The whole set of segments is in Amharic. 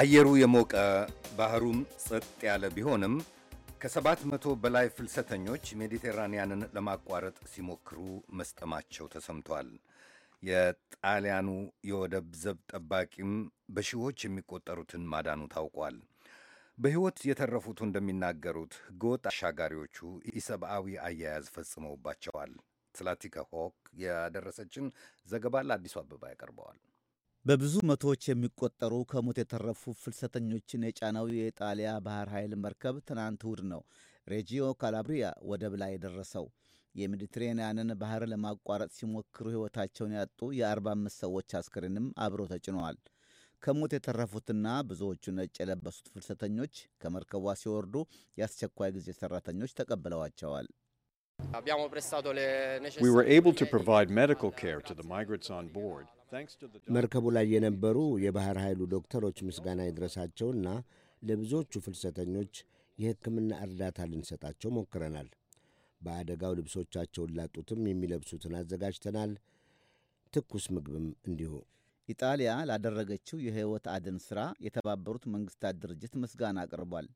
አየሩ የሞቀ ባህሩም ጸጥ ያለ ቢሆንም ከሰባት መቶ በላይ ፍልሰተኞች ሜዲቴራንያንን ለማቋረጥ ሲሞክሩ መስጠማቸው ተሰምቷል። የጣሊያኑ የወደብ ዘብ ጠባቂም በሺዎች የሚቆጠሩትን ማዳኑ ታውቋል። በሕይወት የተረፉቱ እንደሚናገሩት ሕገወጥ አሻጋሪዎቹ ኢሰብአዊ አያያዝ ፈጽመውባቸዋል። ትላቲከ ሆክ ያደረሰችን ዘገባ ለአዲሱ አበባ ያቀርበዋል። በብዙ መቶዎች የሚቆጠሩ ከሞት የተረፉ ፍልሰተኞችን የጫነው የኢጣሊያ ባህር ኃይል መርከብ ትናንት እሁድ ነው ሬጂዮ ካላብሪያ ወደብ ላይ የደረሰው። የሜዲትሬንያንን ባህር ለማቋረጥ ሲሞክሩ ሕይወታቸውን ያጡ የ45 ሰዎች አስክሬንም አብሮ ተጭነዋል። ከሞት የተረፉትና ብዙዎቹ ነጭ የለበሱት ፍልሰተኞች ከመርከቧ ሲወርዱ የአስቸኳይ ጊዜ ሠራተኞች ተቀብለዋቸዋል። We were able to provide medical care to the migrants on board. መርከቡ ላይ የነበሩ የባህር ኃይሉ ዶክተሮች ምስጋና ይድረሳቸውና ለብዙዎቹ ፍልሰተኞች የሕክምና እርዳታ ልንሰጣቸው ሞክረናል። በአደጋው ልብሶቻቸውን ላጡትም የሚለብሱትን አዘጋጅተናል። ትኩስ ምግብም እንዲሁ። ኢጣሊያ ላደረገችው የሕይወት አድን ሥራ የተባበሩት መንግሥታት ድርጅት ምስጋና አቅርቧል።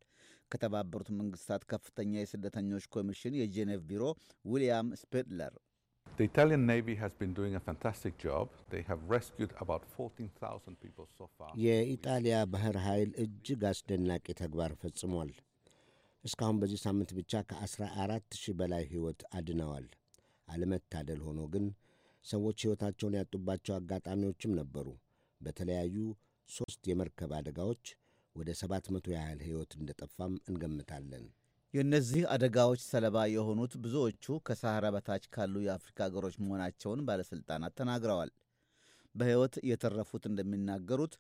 ከተባበሩት መንግሥታት ከፍተኛ የስደተኞች ኮሚሽን የጄኔቭ ቢሮ ዊልያም ስፔድለር የኢጣሊያ ባህር ኃይል እጅግ አስደናቂ ተግባር ፈጽሟል። እስካሁን በዚህ ሳምንት ብቻ ከ14 ሺህ በላይ ሕይወት አድነዋል። አለመታደል ሆኖ ግን ሰዎች ሕይወታቸውን ያጡባቸው አጋጣሚዎችም ነበሩ። በተለያዩ ሦስት የመርከብ አደጋዎች ወደ ሰባት መቶ ያህል ሕይወት እንደጠፋም እንገምታለን። የእነዚህ አደጋዎች ሰለባ የሆኑት ብዙዎቹ ከሳህራ በታች ካሉ የአፍሪካ አገሮች መሆናቸውን ባለሥልጣናት ተናግረዋል። በሕይወት የተረፉት እንደሚናገሩት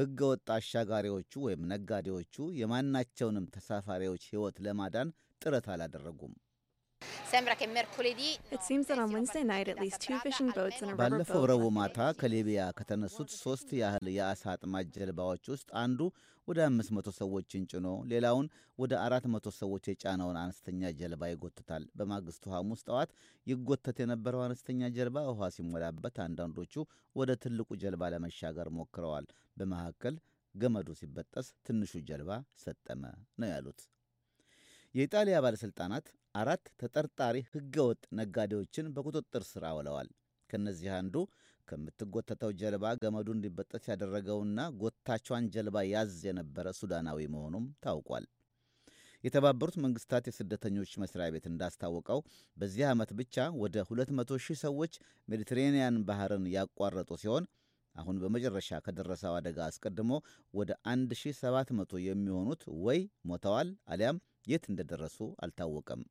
ሕገ ወጥ አሻጋሪዎቹ ወይም ነጋዴዎቹ የማናቸውንም ተሳፋሪዎች ሕይወት ለማዳን ጥረት አላደረጉም። ባለፈው ረቡዕ ማታ ከሊቢያ ከተነሱት ሶስት ያህል የአሳ አጥማጅ ጀልባዎች ውስጥ አንዱ ወደ 500 ሰዎችን ጭኖ ሌላውን ወደ 400 ሰዎች የጫነውን አነስተኛ ጀልባ ይጎትታል። በማግስቱ ሐሙስ ጠዋት ይጎተት የነበረው አነስተኛ ጀልባ ውኃ ሲሞላበት አንዳንዶቹ ወደ ትልቁ ጀልባ ለመሻገር ሞክረዋል። በመካከል ገመዱ ሲበጠስ ትንሹ ጀልባ ሰጠመ ነው ያሉት። የኢጣሊያ ባለሥልጣናት አራት ተጠርጣሪ ህገወጥ ነጋዴዎችን በቁጥጥር ስር አውለዋል። ከእነዚህ አንዱ ከምትጎተተው ጀልባ ገመዱ እንዲበጠስ ያደረገውና ጎታቿን ጀልባ ያዝ የነበረ ሱዳናዊ መሆኑም ታውቋል። የተባበሩት መንግስታት የስደተኞች መስሪያ ቤት እንዳስታወቀው በዚህ ዓመት ብቻ ወደ 200 ሺህ ሰዎች ሜዲትሬንያን ባህርን ያቋረጡ ሲሆን አሁን በመጨረሻ ከደረሰው አደጋ አስቀድሞ ወደ 1700 የሚሆኑት ወይ ሞተዋል አሊያም የት እንደደረሱ አልታወቀም።